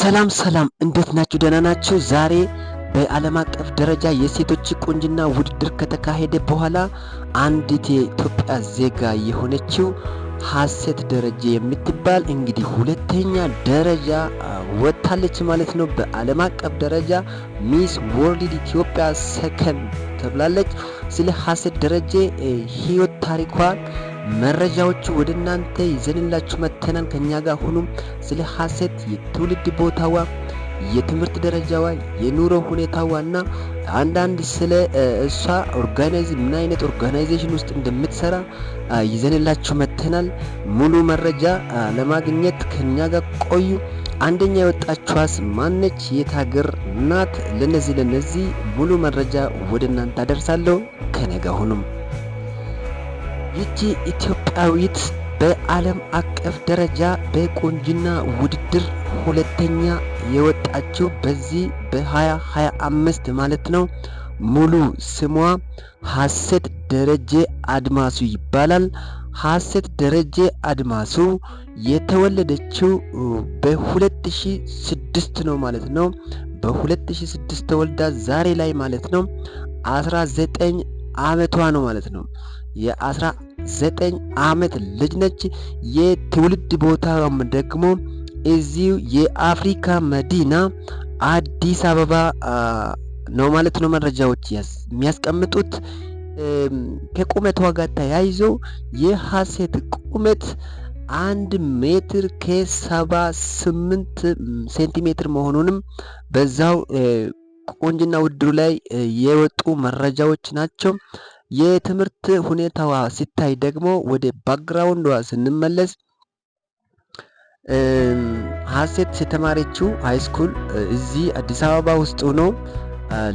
ሰላም ሰላም፣ እንዴት ናችሁ? ደህና ናችሁ? ዛሬ በዓለም አቀፍ ደረጃ የሴቶች ቁንጅና ውድድር ከተካሄደ በኋላ አንዲት የኢትዮጵያ ዜጋ የሆነችው ሀሴት ደረጀ የምትባል እንግዲህ ሁለተኛ ደረጃ ወጥታለች ማለት ነው። በዓለም አቀፍ ደረጃ ሚስ ወርልድ ኢትዮጵያ ሰከንድ ተብላለች። ስለ ሀሴት ደረጀ ህይወት ታሪኳ መረጃዎች ወደ እናንተ ይዘንላችሁ መተናል። ከኛ ጋር ሁኑም። ስለ ሀሴት የትውልድ ቦታዋ፣ የትምህርት ደረጃዋ፣ የኑሮ ሁኔታዋ እና አንዳንድ ስለ እሷ ኦርጋናይዝ ምን አይነት ኦርጋናይዜሽን ውስጥ እንደምትሰራ ይዘንላችሁ መተናል። ሙሉ መረጃ ለማግኘት ከኛ ጋር ቆዩ። አንደኛ የወጣችኋስ ማነች? የት ሀገር ናት? ለነዚህ ለነዚህ ሙሉ መረጃ ወደ እናንተ አደርሳለሁ። ከነጋ ሁኑም። ይቺ ኢትዮጵያዊት በዓለም አቀፍ ደረጃ በቆንጅና ውድድር ሁለተኛ የወጣችው በዚህ በ2025 ማለት ነው። ሙሉ ስሟ ሀሴት ደረጀ አድማሱ ይባላል። ሀሴት ደረጀ አድማሱ የተወለደችው በ2006 ነው ማለት ነው። በ2006 ተወልዳ ዛሬ ላይ ማለት ነው 19 አመቷ ነው ማለት ነው። የ19 ዘጠኝ ዓመት ልጅ ነች። የትውልድ ቦታም ደግሞ እዚሁ የአፍሪካ መዲና አዲስ አበባ ነው ማለት ነው። መረጃዎች የሚያስቀምጡት ከቁመቷ ጋር ተያይዞ የሀሴት ቁመት አንድ ሜትር ከሰባ ስምንት ሴንቲሜትር መሆኑንም በዛው ቁንጅና ውድድሩ ላይ የወጡ መረጃዎች ናቸው። የትምህርት ሁኔታዋ ሲታይ ደግሞ ወደ ባክግራውንዷ ስንመለስ ሀሴት የተማረችው ሃይስኩል እዚህ አዲስ አበባ ውስጥ ሆኖ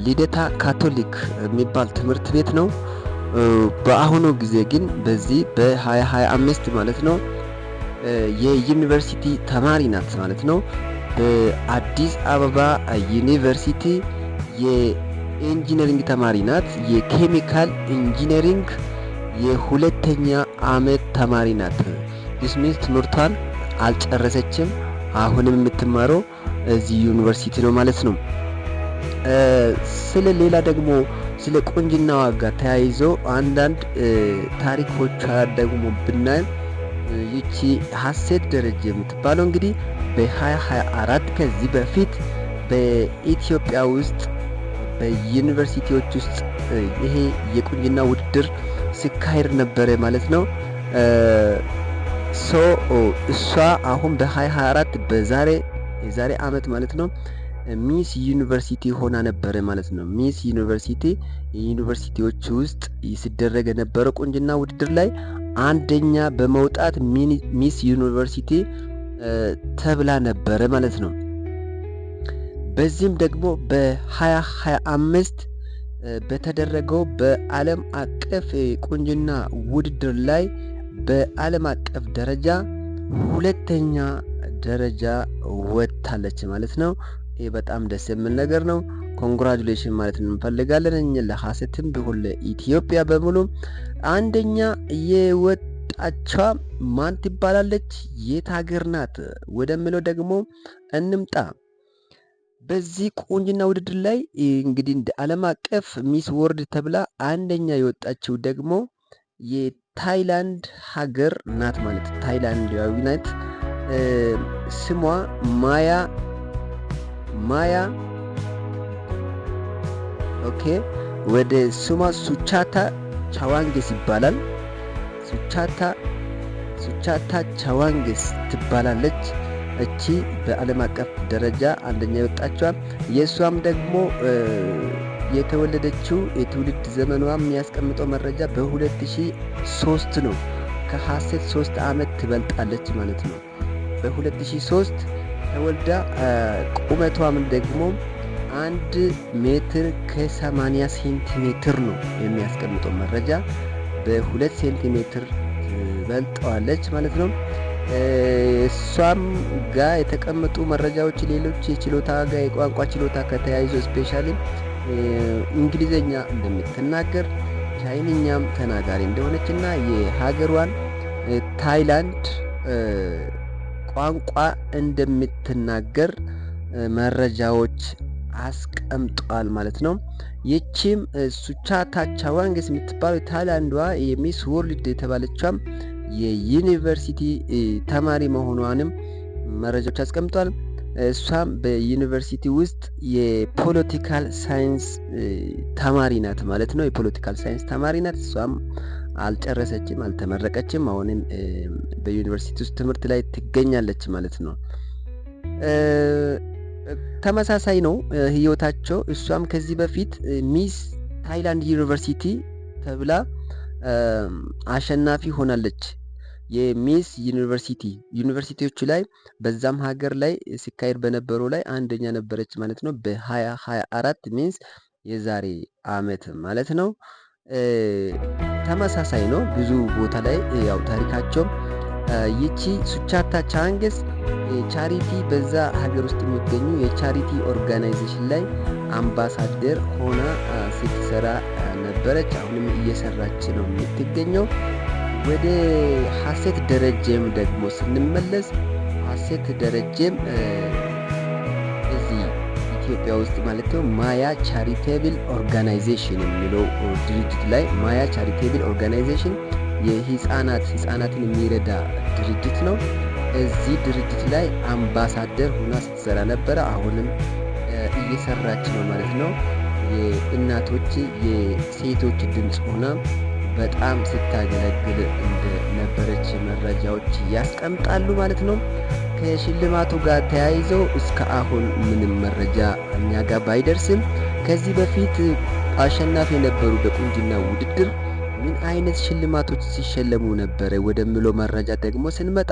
ሊደታ ካቶሊክ የሚባል ትምህርት ቤት ነው። በአሁኑ ጊዜ ግን በዚህ በ2025 ማለት ነው የዩኒቨርሲቲ ተማሪ ናት ማለት ነው። በአዲስ አበባ ዩኒቨርሲቲ የኢንጂነሪንግ ተማሪ ናት። የኬሚካል ኢንጂነሪንግ የሁለተኛ አመት ተማሪ ናት። ዲስሚስ ትምህርቷን አልጨረሰችም። አሁንም የምትማረው እዚህ ዩኒቨርሲቲ ነው ማለት ነው። ስለ ሌላ ደግሞ ስለ ቆንጅና ዋጋ ተያይዞ አንዳንድ ታሪኮቿ ደግሞ ብናይ ይቺ ሀሴት ደረጀ የምትባለው እንግዲህ በ2024 ከዚህ በፊት በኢትዮጵያ ውስጥ በዩኒቨርሲቲዎች ውስጥ ይሄ የቁንጅና ውድድር ሲካሄድ ነበረ ማለት ነው። ሶ እሷ አሁን በ 24 በዛሬ የዛሬ አመት ማለት ነው ሚስ ዩኒቨርሲቲ ሆና ነበረ ማለት ነው። ሚስ ዩኒቨርሲቲ ዩኒቨርሲቲዎች ውስጥ ሲደረገ ነበረ ቁንጅና ውድድር ላይ አንደኛ በመውጣት ሚስ ዩኒቨርሲቲ ተብላ ነበረ ማለት ነው። በዚህም ደግሞ በ2025 በተደረገው በዓለም አቀፍ ቁንጅና ውድድር ላይ በዓለም አቀፍ ደረጃ ሁለተኛ ደረጃ ወጥታለች ማለት ነው። ይህ በጣም ደስ የሚል ነገር ነው። ኮንግራጁሌሽን ማለት እንፈልጋለን እኛ ለሀሴትም ቢሆን ለኢትዮጵያ በሙሉ አንደኛ የወጣቿ ማን ትባላለች? የት ሀገር ናት ወደሚለው ደግሞ እንምጣ። በዚህ ቁንጅና ውድድር ላይ እንግዲህ እንደ ዓለም አቀፍ ሚስ ወርድ ተብላ አንደኛ የወጣችው ደግሞ የታይላንድ ሀገር ናት። ማለት ታይላንዳዊ ናት። ስሟ ማያ ማያ ኦኬ። ወደ ስሟ ሱቻታ ቻዋንጌስ ይባላል። ሱቻታ ሱቻታ ቻዋንጌስ ትባላለች። እቺ በዓለም አቀፍ ደረጃ አንደኛ የወጣችዋል። የእሷም ደግሞ የተወለደችው የትውልድ ዘመኗ የሚያስቀምጠው መረጃ በ2003 ነው። ከሀሴት 3 ዓመት ትበልጣለች ማለት ነው። በ2003 ተወልዳ ቁመቷም ደግሞ አንድ ሜትር ከ80 ሴንቲሜትር ነው የሚያስቀምጠው መረጃ በ በ2 ሴንቲሜትር ትበልጠዋለች ማለት ነው። እሷም ጋር የተቀመጡ መረጃዎች ሌሎች የችሎታ ጋር የቋንቋ ችሎታ ከተያይዞ ስፔሻሊ እንግሊዝኛ እንደምትናገር ቻይንኛም ተናጋሪ እንደሆነች እና የሀገሯን ታይላንድ ቋንቋ እንደምትናገር መረጃዎች አስቀምጧል ማለት ነው። ይቺም ሱቻታ ቻዋንግስ የምትባለው ታይላንዷ የሚስ ወርልድ የተባለቿም የዩኒቨርሲቲ ተማሪ መሆኗንም መረጃዎች አስቀምጧል። እሷም በዩኒቨርሲቲ ውስጥ የፖለቲካል ሳይንስ ተማሪ ናት ማለት ነው። የፖለቲካል ሳይንስ ተማሪ ናት። እሷም አልጨረሰችም፣ አልተመረቀችም። አሁንም በዩኒቨርሲቲ ውስጥ ትምህርት ላይ ትገኛለች ማለት ነው። ተመሳሳይ ነው ህይወታቸው። እሷም ከዚህ በፊት ሚስ ታይላንድ ዩኒቨርሲቲ ተብላ አሸናፊ ሆናለች። የሚስ ዩኒቨርሲቲ ዩኒቨርሲቲዎቹ ላይ በዛም ሀገር ላይ ሲካሄድ በነበረው ላይ አንደኛ ነበረች ማለት ነው። በሀያ ሀያ አራት ሚንስ የዛሬ አመት ማለት ነው። ተመሳሳይ ነው ብዙ ቦታ ላይ ያው ታሪካቸው ይቺ ሱቻታ ቻንግስ ቻሪቲ በዛ ሀገር ውስጥ የሚገኙ የቻሪቲ ኦርጋናይዜሽን ላይ አምባሳደር ሆና ስትሰራ ነበረች። አሁንም እየሰራች ነው የምትገኘው። ወደ ሀሴት ደረጀም ደግሞ ስንመለስ ሀሴት ደረጀም እዚህ ኢትዮጵያ ውስጥ ማለት ነው ማያ ቻሪቴብል ኦርጋናይዜሽን የሚለው ድርጅት ላይ ማያ ቻሪቴብል ኦርጋናይዜሽን የህጻናት ህጻናትን የሚረዳ ድርጅት ነው። እዚህ ድርጅት ላይ አምባሳደር ሆና ስትሰራ ነበረ። አሁንም እየሰራች ነው ማለት ነው። የእናቶች የሴቶች ድምፅ ሆና በጣም ስታገለግል እንደነበረች መረጃዎች ያስቀምጣሉ ማለት ነው። ከሽልማቱ ጋር ተያይዘው እስከ አሁን ምንም መረጃ እኛ ጋር ባይደርስም ከዚህ በፊት አሸናፊ የነበሩ በቁንጅና ውድድር ምን አይነት ሽልማቶች ሲሸለሙ ነበረ ወደምለው መረጃ ደግሞ ስንመጣ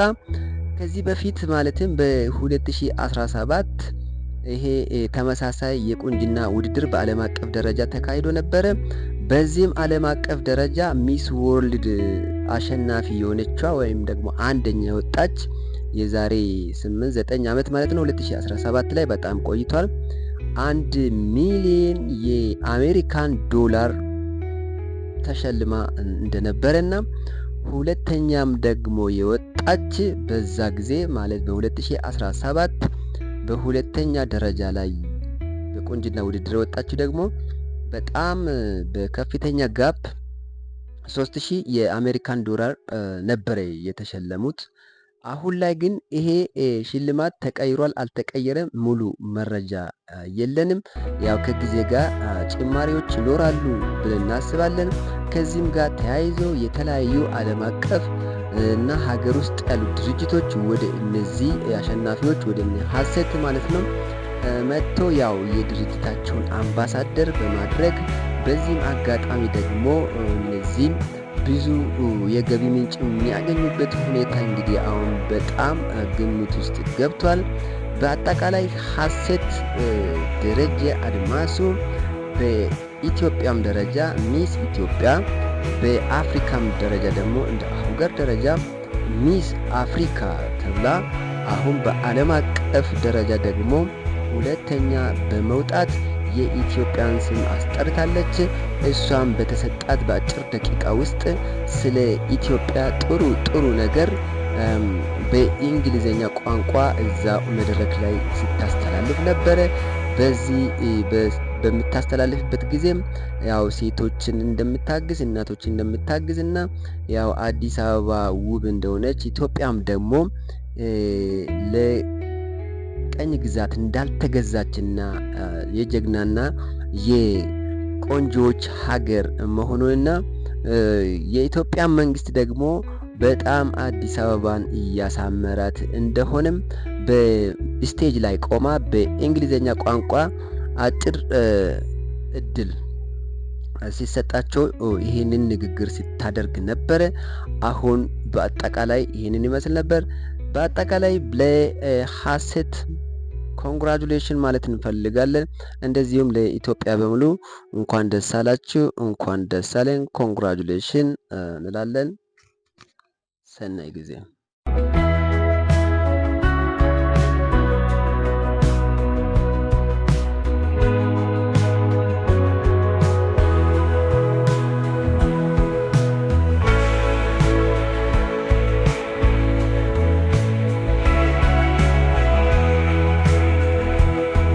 ከዚህ በፊት ማለትም በ2017 ይሄ ተመሳሳይ የቁንጅና ውድድር በዓለም አቀፍ ደረጃ ተካሂዶ ነበረ። በዚህም ዓለም አቀፍ ደረጃ ሚስ ወርልድ አሸናፊ የሆነቿ ወይም ደግሞ አንደኛ የወጣች የዛሬ 8 9 ዓመት ማለት ነው 2017 ላይ በጣም ቆይቷል። አንድ ሚሊዮን የአሜሪካን ዶላር ተሸልማ እንደነበረና ሁለተኛም ደግሞ የወጣች በዛ ጊዜ ማለት በ2017 በሁለተኛ ደረጃ ላይ በቁንጅና ውድድር ወጣችሁ ደግሞ በጣም በከፍተኛ ጋፕ ሶስት የአሜሪካን ዶላር ነበረ የተሸለሙት። አሁን ላይ ግን ይሄ ሽልማት ተቀይሯል አልተቀየረም፣ ሙሉ መረጃ የለንም። ያው ከጊዜ ጋር ጭማሪዎች ይኖራሉ ብለን እናስባለን። ከዚህም ጋር ተያይዞ የተለያዩ አለም አቀፍ እና ሀገር ውስጥ ያሉ ድርጅቶች ወደ እነዚህ አሸናፊዎች ወደ ሀሴት ማለት ነው መጥቶ ያው የድርጅታቸውን አምባሳደር በማድረግ በዚህም አጋጣሚ ደግሞ እነዚህም ብዙ የገቢ ምንጭ የሚያገኙበት ሁኔታ እንግዲህ አሁን በጣም ግምት ውስጥ ገብቷል። በአጠቃላይ ሀሴት ደረጀ አድማሱ በኢትዮጵያም ደረጃ ሚስ ኢትዮጵያ፣ በአፍሪካም ደረጃ ደግሞ እንደ በሀገር ደረጃ ሚስ አፍሪካ ተብላ አሁን በዓለም አቀፍ ደረጃ ደግሞ ሁለተኛ በመውጣት የኢትዮጵያን ስም አስጠርታለች። እሷም በተሰጣት በአጭር ደቂቃ ውስጥ ስለ ኢትዮጵያ ጥሩ ጥሩ ነገር በእንግሊዝኛ ቋንቋ እዛ መድረክ ላይ ስታስተላልፍ ነበረ። በዚህ በምታስተላልፍበት ጊዜም ያው ሴቶችን እንደምታግዝ እናቶችን እንደምታግዝ እና ያው አዲስ አበባ ውብ እንደሆነች ኢትዮጵያም ደግሞ ለቀኝ ግዛት እንዳልተገዛችና የጀግናና የቆንጆዎች ሀገር መሆኑንና የኢትዮጵያ መንግስት ደግሞ በጣም አዲስ አበባን እያሳመራት እንደሆነም በስቴጅ ላይ ቆማ በእንግሊዝኛ ቋንቋ አጭር እድል ሲሰጣቸው ይህንን ንግግር ሲታደርግ ነበረ። አሁን በአጠቃላይ ይህንን ይመስል ነበር። በአጠቃላይ ለሀሴት ኮንግራጁሌሽን ማለት እንፈልጋለን። እንደዚሁም ለኢትዮጵያ በሙሉ እንኳን ደስ አላችሁ፣ እንኳን ደስ አለን፣ ኮንግራጁሌሽን እንላለን። ሰናይ ጊዜ